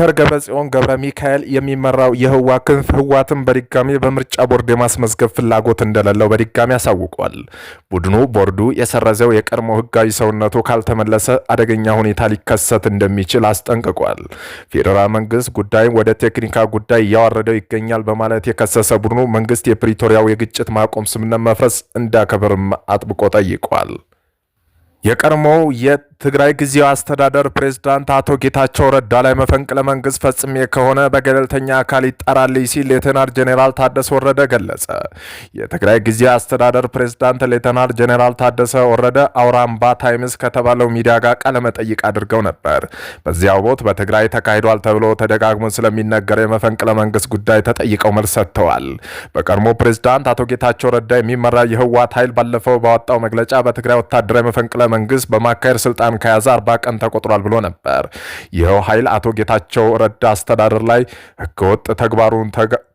በዶክተር ደብረጽዮን ገብረ ሚካኤል የሚመራው የህዋ ክንፍ ህዋትን በድጋሚ በምርጫ ቦርድ የማስመዝገብ ፍላጎት እንደሌለው በድጋሚ አሳውቋል። ቡድኑ ቦርዱ የሰረዘው የቀድሞ ህጋዊ ሰውነቱ ካልተመለሰ አደገኛ ሁኔታ ሊከሰት እንደሚችል አስጠንቅቋል። ፌዴራል መንግስት ጉዳይን ወደ ቴክኒካ ጉዳይ እያዋረደው ይገኛል በማለት የከሰሰ ቡድኑ መንግስት የፕሪቶሪያው የግጭት ማቆም ስምምነት መፍረስ እንዳከብርም አጥብቆ ጠይቋል። የቀድሞው የትግራይ ጊዜያዊ አስተዳደር ፕሬዝዳንት አቶ ጌታቸው ረዳ ላይ መፈንቅለ መንግስት ፈጽሜ ከሆነ በገለልተኛ አካል ይጠራልኝ ሲል ሌተናል ጄኔራል ታደሰ ወረደ ገለጸ። የትግራይ ጊዜያዊ አስተዳደር ፕሬዝዳንት ሌተናል ጄኔራል ታደሰ ወረደ አውራምባ ታይምስ ከተባለው ሚዲያ ጋር ቃለመጠይቅ አድርገው ነበር። በዚያው ቦት በትግራይ ተካሂዷል ተብሎ ተደጋግሞ ስለሚነገረው የመፈንቅለ መንግስት ጉዳይ ተጠይቀው መልስ ሰጥተዋል። በቀድሞ ፕሬዝዳንት አቶ ጌታቸው ረዳ የሚመራ የህወሓት ኃይል ባለፈው ባወጣው መግለጫ በትግራይ ወታደራዊ መፈንቅለ መንግስት በማካሄድ ስልጣን ከያዘ አርባ ቀን ተቆጥሯል ብሎ ነበር። ይኸው ኃይል አቶ ጌታቸው ረዳ አስተዳደር ላይ ህገወጥ ተግባሩን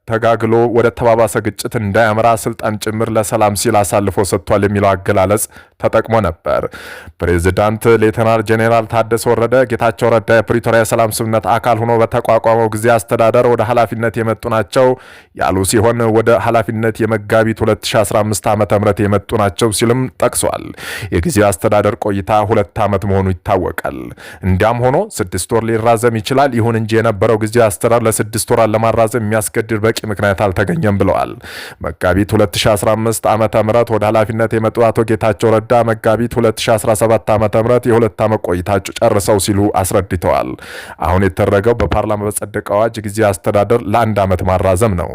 ተጋግሎ ወደ ተባባሰ ግጭት እንዳያመራ ስልጣን ጭምር ለሰላም ሲል አሳልፎ ሰጥቷል የሚለው አገላለጽ ተጠቅሞ ነበር። ፕሬዚዳንት ሌተናል ጄኔራል ታደሰ ወረደ ጌታቸው ረዳ የፕሪቶሪያ የሰላም ስምምነት አካል ሆኖ በተቋቋመው ጊዜ አስተዳደር ወደ ኃላፊነት የመጡ ናቸው ያሉ ሲሆን ወደ ኃላፊነት የመጋቢት 2015 ዓ ም የመጡ ናቸው ሲልም ጠቅሷል። የጊዜ አስተዳደር ቆይታ ሁለት ዓመት መሆኑ ይታወቃል። እንዲያም ሆኖ ስድስት ወር ሊራዘም ይችላል። ይሁን እንጂ የነበረው ጊዜ አስተዳደር ለስድስት ወራት ለማራዘም የሚያስገድድ በቂ ምክንያት አልተገኘም ብለዋል። መጋቢት 2015 ዓ ም ወደ ኃላፊነት የመጡ አቶ ጌታቸው ረዳ መጋቢት 2017 ዓ ም የሁለት ዓመት ቆይታቸው ጨርሰው ሲሉ አስረድተዋል። አሁን የተደረገው በፓርላማ በጸደቀ አዋጅ ጊዜ አስተዳደር ለአንድ ዓመት ማራዘም ነው።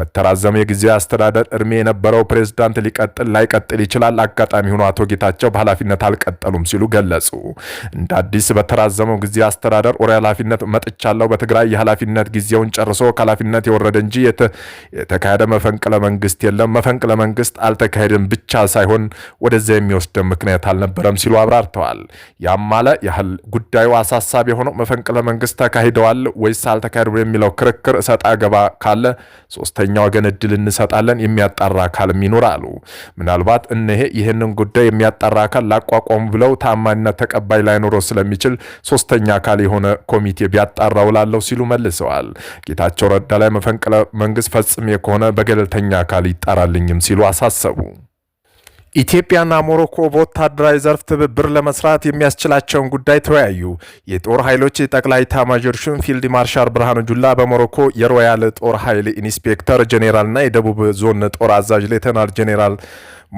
በተራዘመ የጊዜ አስተዳደር እድሜ የነበረው ፕሬዝዳንት ሊቀጥል ላይቀጥል ይችላል። አጋጣሚ ሆኖ አቶ ጌታቸው በኃላፊነት አልቀጠሉም ሲሉ ገለጹ። እንደ አዲስ በተራዘመው ጊዜ አስተዳደር ወደ ኃላፊነት መጥቻለሁ። በትግራይ የኃላፊነት ጊዜውን ጨርሶ ከኃላፊነት የወረደ እንጂ የተካሄደ መፈንቅለ መንግስት የለም፣ መፈንቅለ መንግስት አልተካሄደም ብቻ ሳይሆን ወደዚያ የሚወስድ ምክንያት አልነበረም ሲሉ አብራርተዋል። ያም አለ ያህል ጉዳዩ አሳሳቢ የሆነው መፈንቅለ መንግስት ተካሂደዋል ወይስ አልተካሄደም የሚለው ክርክር እሰጥ አገባ ካለ ሶስተኛ ወገን እድል እንሰጣለን የሚያጣራ አካልም ይኑር አሉ። ምናልባት እነሄ ይህንን ጉዳይ የሚያጣራ አካል ላቋቋሙ ብለው ታማኝነት ተቀባይ ላይኖረው ስለሚችል ሶስተኛ አካል የሆነ ኮሚቴ ቢያጣራው ላለው ሲሉ መልሰዋል። ጌታቸው ረዳ ላይ መፈንቅለ መንግስት ፈጽሜ ከሆነ በገለልተኛ አካል ይጣራልኝም ሲሉ አሳሰቡ። ኢትዮጵያና ሞሮኮ በወታደራዊ ዘርፍ ትብብር ለመስራት የሚያስችላቸውን ጉዳይ ተወያዩ። የጦር ኃይሎች ጠቅላይ ኤታማዦር ሹም ፊልድ ማርሻል ብርሃኑ ጁላ በሞሮኮ የሮያል ጦር ኃይል ኢንስፔክተር ጄኔራልና የደቡብ ዞን ጦር አዛዥ ሌተናል ጄኔራል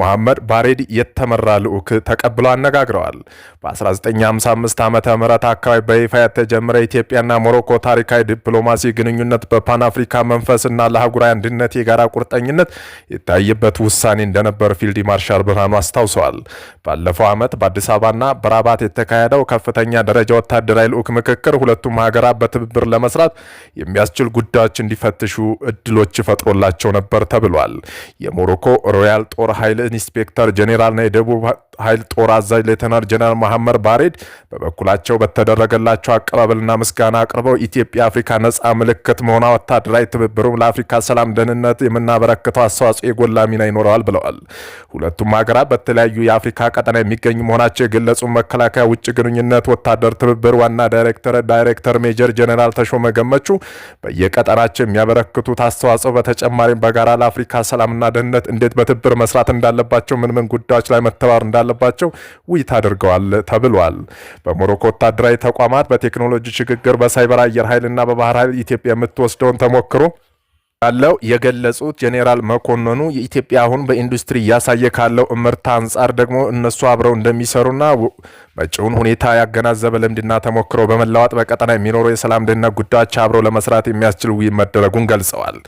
ሞሐመድ ባሬድ የተመራ ልዑክ ተቀብለው አነጋግረዋል። በ1955 ዓ ም አካባቢ በይፋ የተጀመረ ኢትዮጵያና ሞሮኮ ታሪካዊ ዲፕሎማሲ ግንኙነት በፓን አፍሪካ መንፈስና ለአህጉራዊ አንድነት የጋራ ቁርጠኝነት የታየበት ውሳኔ እንደነበር ፊልድ ማርሻል ብርሃኑ አስታውሰዋል። ባለፈው ዓመት በአዲስ አበባና በራባት የተካሄደው ከፍተኛ ደረጃ ወታደራዊ ልዑክ ምክክር ሁለቱም ሀገራት በትብብር ለመስራት የሚያስችል ጉዳዮች እንዲፈትሹ እድሎች ፈጥሮላቸው ነበር ተብሏል። የሞሮኮ ሮያል ጦር ኃይል ኢንስፔክተር ጄኔራልና የደቡብ ኃይል ጦር አዛዥ ሌተናል ጄኔራል መሐመድ ባሬድ በበኩላቸው በተደረገላቸው አቀባበልና ምስጋና አቅርበው ኢትዮጵያ አፍሪካ ነፃ ምልክት መሆኗ ወታደራዊ ትብብሩም ለአፍሪካ ሰላም ደህንነት የምናበረክተው አስተዋጽኦ የጎላ ሚና ይኖረዋል ብለዋል። ሁለቱም ሀገራት በተለያዩ የአፍሪካ ቀጠና የሚገኙ መሆናቸው የገለጹ መከላከያ፣ ውጭ ግንኙነት፣ ወታደር ትብብር ዋና ዳይሬክተር ዳይሬክተር ሜጀር ጄኔራል ተሾመ ገመቹ በየቀጠናቸው የሚያበረክቱት አስተዋጽኦ በተጨማሪም በጋራ ለአፍሪካ ሰላምና ደህንነት እንዴት በትብብር መስራት እንዳለ እንዳለባቸው፣ ምን ምን ጉዳዮች ላይ መተባበር እንዳለባቸው ውይይት አድርገዋል ተብሏል። በሞሮኮ ወታደራዊ ተቋማት በቴክኖሎጂ ሽግግር፣ በሳይበር አየር ኃይልና በባህር ኃይል ኢትዮጵያ የምትወስደውን ተሞክሮ ያለው የገለጹት ጄኔራል መኮንኑ የኢትዮጵያ አሁን በኢንዱስትሪ እያሳየ ካለው እምርታ አንጻር ደግሞ እነሱ አብረው እንደሚሰሩና መጪውን ሁኔታ ያገናዘበ ልምድና ተሞክሮ በመለዋወጥ በቀጠና የሚኖሩ የሰላም ደህንነት ጉዳዮች አብሮ ለመስራት የሚያስችል ውይይት መደረጉን ገልጸዋል።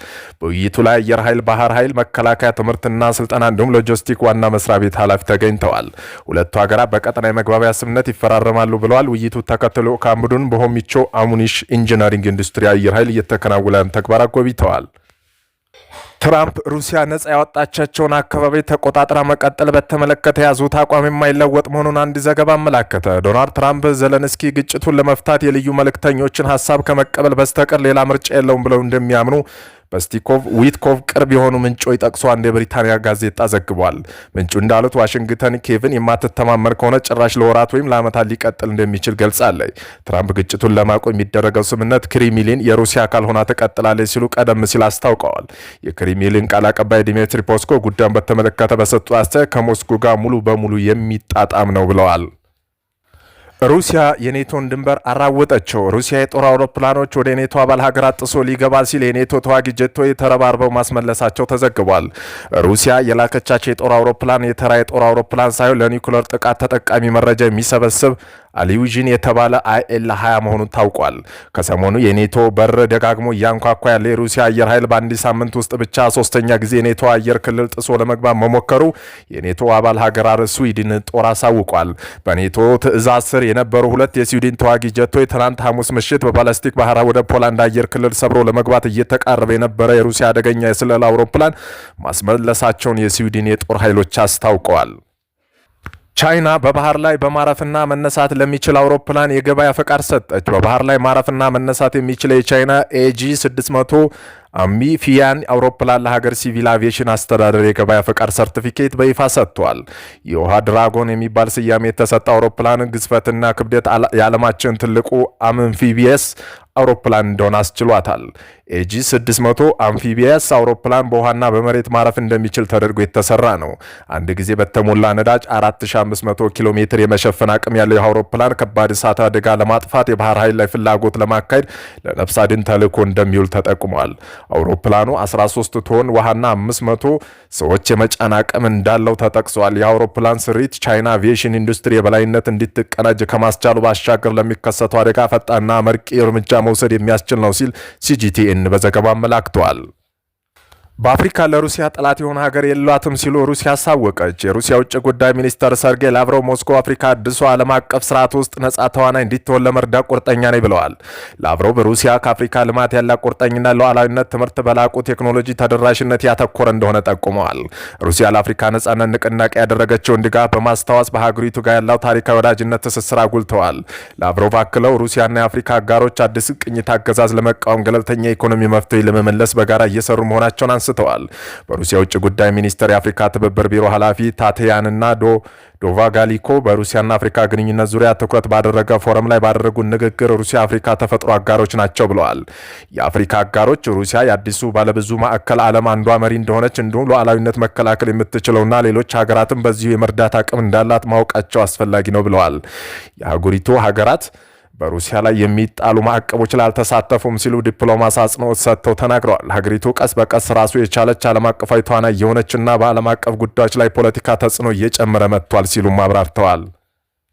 በውይይቱ ላይ አየር ኃይል፣ ባህር ኃይል፣ መከላከያ፣ ትምህርትና ስልጠና እንዲሁም ሎጂስቲክ ዋና መስሪያ ቤት ኃላፊ ተገኝተዋል። ሁለቱ ሀገራት በቀጠና የመግባቢያ ስምምነት ይፈራረማሉ ብለዋል። ውይይቱ ተከትሎ ካምዱን በሆሚቾ አሙኒሽ ኢንጂነሪንግ ኢንዱስትሪ አየር ኃይል እየተከናወነ ተግባራት ጎብኝተዋል። ትራምፕ ሩሲያ ነጻ ያወጣቻቸውን አካባቢ ተቆጣጥራ መቀጠል በተመለከተ የያዙት አቋም የማይለወጥ መሆኑን አንድ ዘገባ አመላከተ። ዶናልድ ትራምፕ ዘለንስኪ ግጭቱን ለመፍታት የልዩ መልእክተኞችን ሀሳብ ከመቀበል በስተቀር ሌላ ምርጫ የለውም ብለው እንደሚያምኑ በስቲኮቭ ዊትኮቭ ቅርብ የሆኑ ምንጮች ጠቅሶ አንድ የብሪታንያ ጋዜጣ ዘግቧል። ምንጩ እንዳሉት ዋሽንግተን ኬቭን የማትተማመን ከሆነ ጭራሽ ለወራት ወይም ለዓመታት ሊቀጥል እንደሚችል ገልጻለች። ትራምፕ ግጭቱን ለማቆም የሚደረገው ስምምነት ክሪሚሊን የሩሲያ አካል ሆና ተቀጥላለች ሲሉ ቀደም ሲል አስታውቀዋል። የክሪሚሊን ቃል አቀባይ ዲሜትሪ ፖስኮ ጉዳዩን በተመለከተ በሰጡ አስተያየት ከሞስኮ ጋር ሙሉ በሙሉ የሚጣጣም ነው ብለዋል። ሩሲያ የኔቶን ድንበር አራወጠችው። ሩሲያ የጦር አውሮፕላኖች ወደ ኔቶ አባል ሀገራት ጥሶ ሊገባ ሲል የኔቶ ተዋጊ ጀቶ ተረባርበው ማስመለሳቸው ተዘግቧል። ሩሲያ የላከቻቸው የጦር አውሮፕላን የተራ የጦር አውሮፕላን ሳይሆን ለኒኩለር ጥቃት ተጠቃሚ መረጃ የሚሰበስብ አሊዩዥን የተባለ አይኤል 20 መሆኑን ታውቋል። ከሰሞኑ የኔቶ በር ደጋግሞ እያንኳኳ ያለ የሩሲያ አየር ኃይል በአንድ ሳምንት ውስጥ ብቻ ሶስተኛ ጊዜ የኔቶ አየር ክልል ጥሶ ለመግባት መሞከሩ የኔቶ አባል ሀገራት ስዊድን ጦር አሳውቋል። በኔቶ ትእዛዝ ስር የነበሩ ሁለት የስዊድን ተዋጊ ጀቶች ትናንት ሐሙስ ምሽት በባላስቲክ ባህር ወደ ፖላንድ አየር ክልል ሰብሮ ለመግባት እየተቃረበ የነበረ የሩሲያ አደገኛ የስለላ አውሮፕላን ማስመለሳቸውን የስዊድን የጦር ኃይሎች አስታውቀዋል። ቻይና በባህር ላይ በማረፍና መነሳት ለሚችል አውሮፕላን የገበያ ፈቃድ ሰጠች። በባህር ላይ ማረፍና መነሳት የሚችል የቻይና ኤጂ 600 አሚፊያን አውሮፕላን ለሀገር ሲቪል አቪዬሽን አስተዳደር የገበያ ፈቃድ ሰርቲፊኬት በይፋ ሰጥቷል። የውሃ ድራጎን የሚባል ስያሜ የተሰጠ አውሮፕላን ግዝፈትና ክብደት የዓለማችን ትልቁ አምንፊቢየስ አውሮፕላን እንደሆነ አስችሏታል። ኤጂ 600 አምፊቢያስ አውሮፕላን በውሃና በመሬት ማረፍ እንደሚችል ተደርጎ የተሰራ ነው። አንድ ጊዜ በተሞላ ነዳጅ 4500 ኪሎ ሜትር የመሸፈን አቅም ያለው አውሮፕላን ከባድ እሳት አደጋ ለማጥፋት የባህር ኃይል ላይ ፍላጎት ለማካሄድ ለነፍስ አድን ተልዕኮ እንደሚውል ተጠቁሟል። አውሮፕላኑ 13 ቶን ውሃና 500 ሰዎች የመጫን አቅም እንዳለው ተጠቅሷል። የአውሮፕላን ስሪት ቻይና አቪዬሽን ኢንዱስትሪ የበላይነት እንዲትቀናጅ ከማስቻሉ ባሻገር ለሚከሰተው አደጋ ፈጣንና መርቂ እርምጃ መውሰድ የሚያስችል ነው ሲል ሲጂቲኤን በዘገባ አመላክተዋል። በአፍሪካ ለሩሲያ ጠላት የሆነ ሀገር የሏትም ሲሉ ሩሲያ አሳወቀች። የሩሲያ ውጭ ጉዳይ ሚኒስተር ሰርጌይ ላቭሮቭ ሞስኮ አፍሪካ አዲሱ ዓለም አቀፍ ስርዓት ውስጥ ነጻ ተዋናይ እንዲትሆን ለመርዳት ቁርጠኛ ነኝ ብለዋል። ላቭሮቭ ሩሲያ ከአፍሪካ ልማት ያላት ቁርጠኝና ሉዓላዊነት፣ ትምህርት በላቁ ቴክኖሎጂ ተደራሽነት ያተኮረ እንደሆነ ጠቁመዋል። ሩሲያ ለአፍሪካ ነጻነት ንቅናቄ ያደረገችውን ድጋፍ በማስታወስ በሀገሪቱ ጋር ያለው ታሪካዊ ወዳጅነት ትስስር አጉልተዋል። ላቭሮቭ አክለው ሩሲያና የአፍሪካ አጋሮች አዲስ ቅኝት አገዛዝ ለመቃወም ገለልተኛ ኢኮኖሚ መፍትሄ ለመመለስ በጋራ እየሰሩ መሆናቸውን አንስ አንስተዋል። በሩሲያ ውጭ ጉዳይ ሚኒስቴር የአፍሪካ ትብብር ቢሮ ኃላፊ ታትያንና ዶ ዶቫጋሊኮ በሩሲያና አፍሪካ ግንኙነት ዙሪያ ትኩረት ባደረገ ፎረም ላይ ባደረጉት ንግግር ሩሲያ አፍሪካ ተፈጥሮ አጋሮች ናቸው ብለዋል። የአፍሪካ አጋሮች ሩሲያ የአዲሱ ባለብዙ ማዕከል ዓለም አንዷ መሪ እንደሆነች እንዲሁም ሉዓላዊነት መከላከል የምትችለውና ሌሎች ሀገራትም በዚሁ የመርዳት አቅም እንዳላት ማወቃቸው አስፈላጊ ነው ብለዋል። የአህጉሪቱ ሀገራት በሩሲያ ላይ የሚጣሉ ማዕቀቦች ላይ አልተሳተፉም ሲሉ ዲፕሎማስ አጽንኦት ሰጥተው ተናግረዋል። ሀገሪቱ ቀስ በቀስ ራሱ የቻለች ዓለም አቀፋዊ ተዋናይ የሆነችና በዓለም አቀፍ ጉዳዮች ላይ ፖለቲካ ተጽዕኖ እየጨመረ መጥቷል ሲሉም አብራርተዋል።